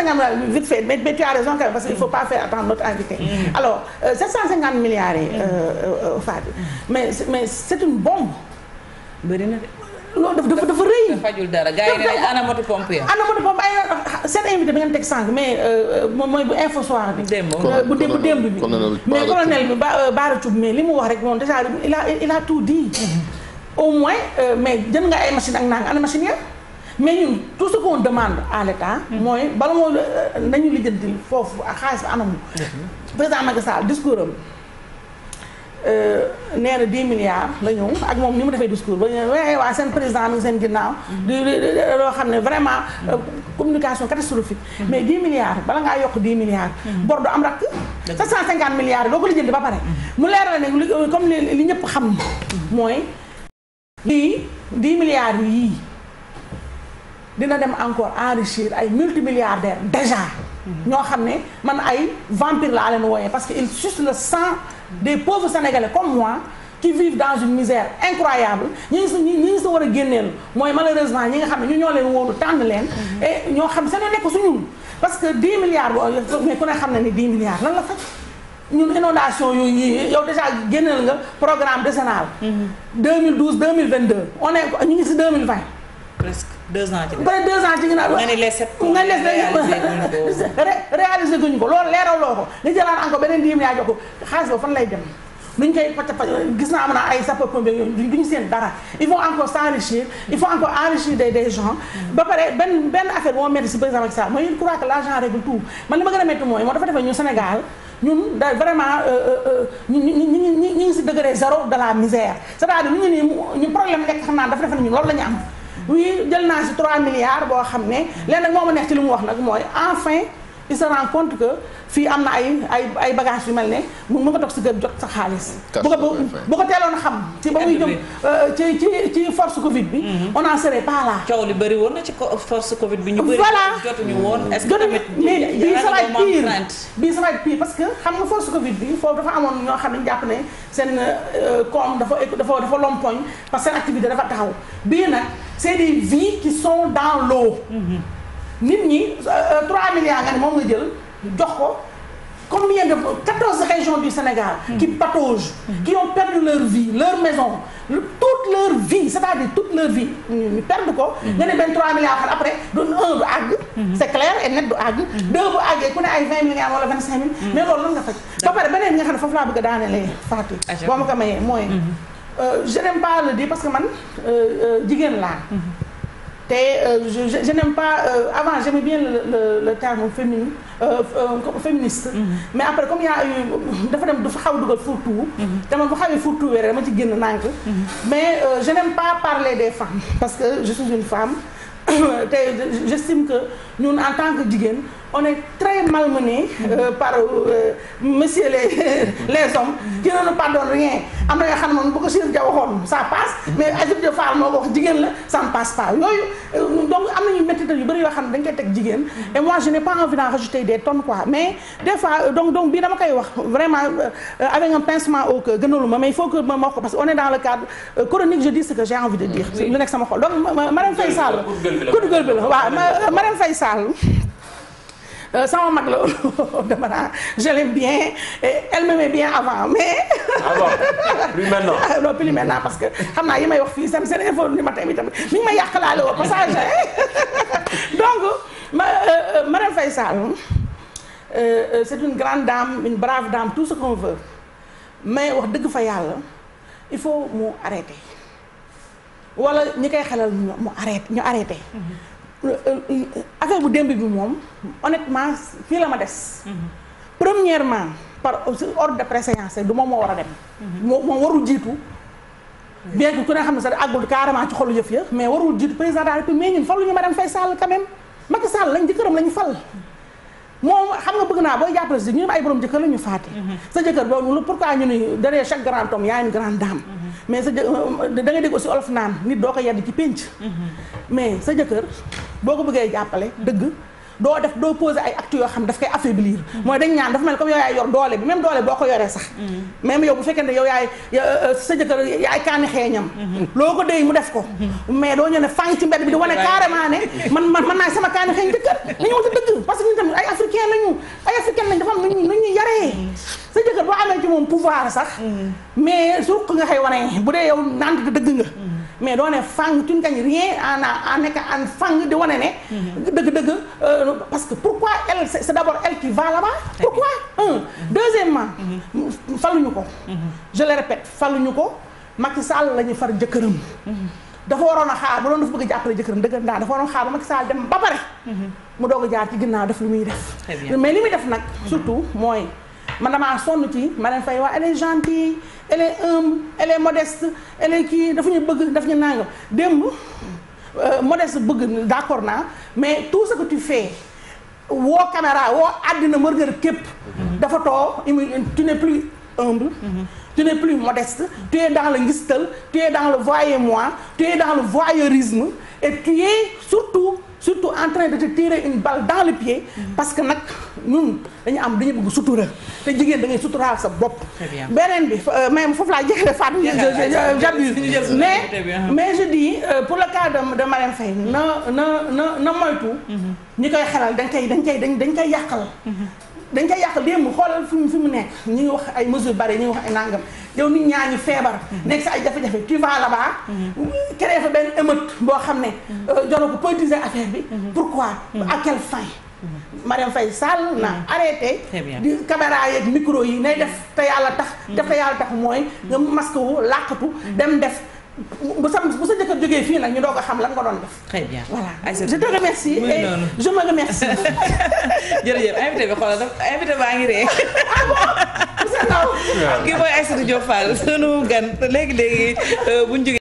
750 vite fait mais, mais tu as raison parce qu'il faut pas faire attendre notre invité. Mm-hmm. alors euh, 750 euh, euh, euh, mm-hmm. de. non dafa dafa rëy. dafa fajul dara gars mais moom mooy bu info bi. démb bu démb démb bi. mais colonel bi ba Baara mais li mu wax rek moom déjà il a il a tout dit. Mm-hmm. au moins mais jën nga ay machine ak naan ana machine ya mais ñun tout ce qu'on demande à l'État mooy bala moo nañu lijjanti foofu ak xaalis bi anamu président Macky Sall discours am euh, nee na la ñëw ak moom ni mu defee discours ba waaye seen président mi ngi seen ginnaaw. di loo xam ne vraiment euh, communication catastrophique. mais 10 milliards bala ngaa yokk 10 milliards. bor am rakk. dëgg la 750 milliards doo ko lijjanti ba pare. mu leeral ne comme li ñëpp xam. mooy lii 10 milliards yii. dina dem encore enrichir ay multimilliardaires déjà. ñoo xam ne man ay vampire laa leen wooyee parce que ils sucent le sang des pauvres sénégalais comme moi qui vivent dans une misère incroyable ñi ñi ñi sa war a génneel mooy malheureusement ñi nga xam ne ñu ñoo leen wóolu tànn leen. et ñoo xam seen nekk suñu parce que 10 milliards boo mais ku ne xam na ni 10 milliards lan la faj. ñun inondation yooyu yii yow déjà génneel nga programme décennal. 2012 mm-hmm. 2022 on est ñu ngi si 2020. presque. deux ans ci ginnaaw bëri deux ans ci ginnaaw. nga ni les sept nga ni les sept réalisé guñ ko loolu leeraloo ko nga jëlaat encore beneen diim yaa jox ko xaalis boobu fan lay dem. nuñ koy pàcc pàcc gis naa am na ay sapeurs-pompiers yooyu duñ seen dara il faut encore s'enrichir il faut encore enrichir des des gens. ba pare benn benn affaire boo métti si président Macky Sall mooy il croit que l'argent règle tout man li ma gën a métti mooy moo dafa defee ñun Sénégal. ñun da vraiment ñu ñu ñu ñu ñu ngi si degré zéro de la misère c'est-à-dire ñu ngi nii ñu problème lekk xam naa dafa defe ne ñun loolu la ñu am. oui jël naa si 3 milliards boo xam ne leen nag moo ma neex ci li mu wax nag mooy enfin il se rend que fii am na ay ay ay bagages yu mel ne mun nga ko toog si kër jot sa xaalis. bu ko bu ko teeloon xam. ci ba muy jëm euh, ci ci ci force Covid bi. Mhm. on en serait bëri woon na ci force bi. ñu bëri jotuñu woon est-ce que tamit bii ça va bii ça va parce que xam nga force Covid bi foofu dafa amoon ñoo xam ne jàpp ne seen euh, koom dafa dafa dafa lompoñ parce que seen activité dafa taxaw bii nag. c'est des vies qui sont dans l'eau nit ñi 3 euh, milliards nga ne moom nga jël jox ko combien de 14 régions du Sénégal qui pataugent qui ont perdu leur vie leur maison toute leur vie c'est-à-dire toute leur vie ñu perdre ko nga ne benn 3 milliards par après du un du àgg c'est clair et net du àgg deux bu àggee ku ne ay 20 milliards wala 25 mille mais loolu lan nga faj ba pare beneen nga xam ne foofu laa bëgg a daanelee Fatou Euh, je n'aime pas le dire parce que man euh, euh, jigéen laa. te je je, je n'aime pas euh, avant j'aimais bien le le le féminin euh, mhm. mais après comme y a eu dafa dem dafa xaw a dugal fourre-tout. Mhm. te man bu xawee fourre-tout weeree dama ci génn nànk. Mhm. mais je n'aime pas parler des femmes parce que je suis une femme. te j'estime que ñun en tant que jigéen on est très malmené euh, par euh, les hommes qui ne nous rien am na nga xam ne moom bu ko Cheikh waxoon ça passe mais Aïssata Diop Fall wax jigéen la ça ne passe pas yooyu euh, donc am nañu méttital yu bëri yoo xam ne dañ teg jigéen et moi je n'ai pas envie d'en rajouter des tonnes quoi mais des euh, donc donc dama koy wax vraiment euh, avec un pincement au cœur gënalu ma mais il faut que ma wax ko parce kudu gël bi la waaw Marème Faye Sall euh, sama mag la dama naa je bien elle m'aimait bien avant mais. avant ah plus maintenant. Ah, non plus maintenant parce que xam naa yi may wax fii seen seen info du matin bi tamit mi ngi may yàqalaale au passage donc ma euh, Marème Faye Sall euh, c'est une grande dame une brave dame tout ce qu'on veut mais wax dëgg fa yàlla il faut mu arrêter. wala ñi koy xelal mu arrêté ñu arrêté. affaire bu démb bi moom honnêtement fii la ma des. premièrement par ordre de préséance du moom moo war a dem. moo moom warul jiitu. bien que ku ne xam ne sax àggul carrément ci xolu yëf ya mais warul jiitu président de la République mais ñun faluñu Marième Faye Sall quand même Macky Sall lañ jëkkëram lañu fal. moom xam nga bëgg naa booy jàppale si ñu ne ay borom jëkkër la ñu faate. Mhm. sa jëkkër boobu pourquoi ñu ni derrière chaque grand homme y a une grande dame. mais sa jë da nga dégg aussi olof naan nit doo ko yedd ci pénc mais sa jëkkër boo ko bëggee jàppale dëgg doo def doo poser ay actes yoo xam daf koy affaiblir mooy dañ ñaan dafa mel comme yow yaay yor doole boo ko yoree sax même yow bu ne yow yaay euh, sa jëkkër yaay loo ko déy mu def ko mais doo ñëw ne ci mbedd bi di wane carrément ne man parce que ñun tamit ay lañu ay africain lañu dafa am nu yaree amee ci moom pouvoir sax mm. mais surk nga xëy wane bu dee yow nant dëgg nga mm. mais doo ne fang tu ne gagnes rien en en nekk en di wane ne dëgg-dëgg mm-hmm. euh, parce que pourquoi elle c'est d'abord elle qui va là-bas pourquoi un mm-hmm. deuxièmement mm-hmm. faluñu ko je le répète faluñu ko Macky Sall la ñu far jëkkëram dafa waroon a xaar ba doon dafa bëgg jàppale jëkkëram dëgg daal dafa waroon a xaar ba Macky Sall dem ba pare mu doog a jaar ci ginnaaw def lu muy def mais li muy def nag surtout mooy man damaa sonn ci Marème Faye waa elle est gentille elle est humble elle modeste elle kii dafa ñu bëgg dafa ñu nangam démb euh, modeste bëgg d'accord naa mais tout ce que tu fais woo caméra woo àddina mërgër képp mhm. dafa too tu n'es plus humble mhm. tu n'es plus modeste tu es dans le ngistal tu es dans le voyez-moi tu es dans le voyeurisme et tu es surtout surtout en train de te une balle dans le pied. parce que nag ñun dañu am dañu bëgg sutura te jigéen da ngay suturaal sa bopp. beneen bi euh, mais foofu laa jeexalee Fatou. j'abuse mais mais je euh, pour le cas de de Marème na na na na moytu. Mm-hmm. ñi koy xelal dañ koy dañ koy dañ koy yàqal. Mm-hmm. dañ koy yàq mu xoolal fi mu fi mu nekk ñu ngi wax ay mesures bari ñu ngi wax ay nangam yow nit ñaa ngi feebar. Mhm. nekk si ay jafe-jafe tu vas là-bas. Mhm. créé fa benn émeute boo xam ne. jaroo mhm. euh, ko politiser affaire bi. pourquoi à quelle fin. Mariam Faye Sall na arrêté di caméra yeeg micro yi nay def te yàlla tax def te yàlla tax mooy nga masque wu làqatu dem def bu sa bu sa jëkkër jógee fii nag ñu doog a xam lan nga doon def. très bien a je te remercie. et je a remercie. jërëjëf invité bi xoolal dafa invité baa ngi ree ah bon monsieur Ndao. kii mooy Aïssatou Diop Fall sunu gan léegi léegi euh, bu ñu jógee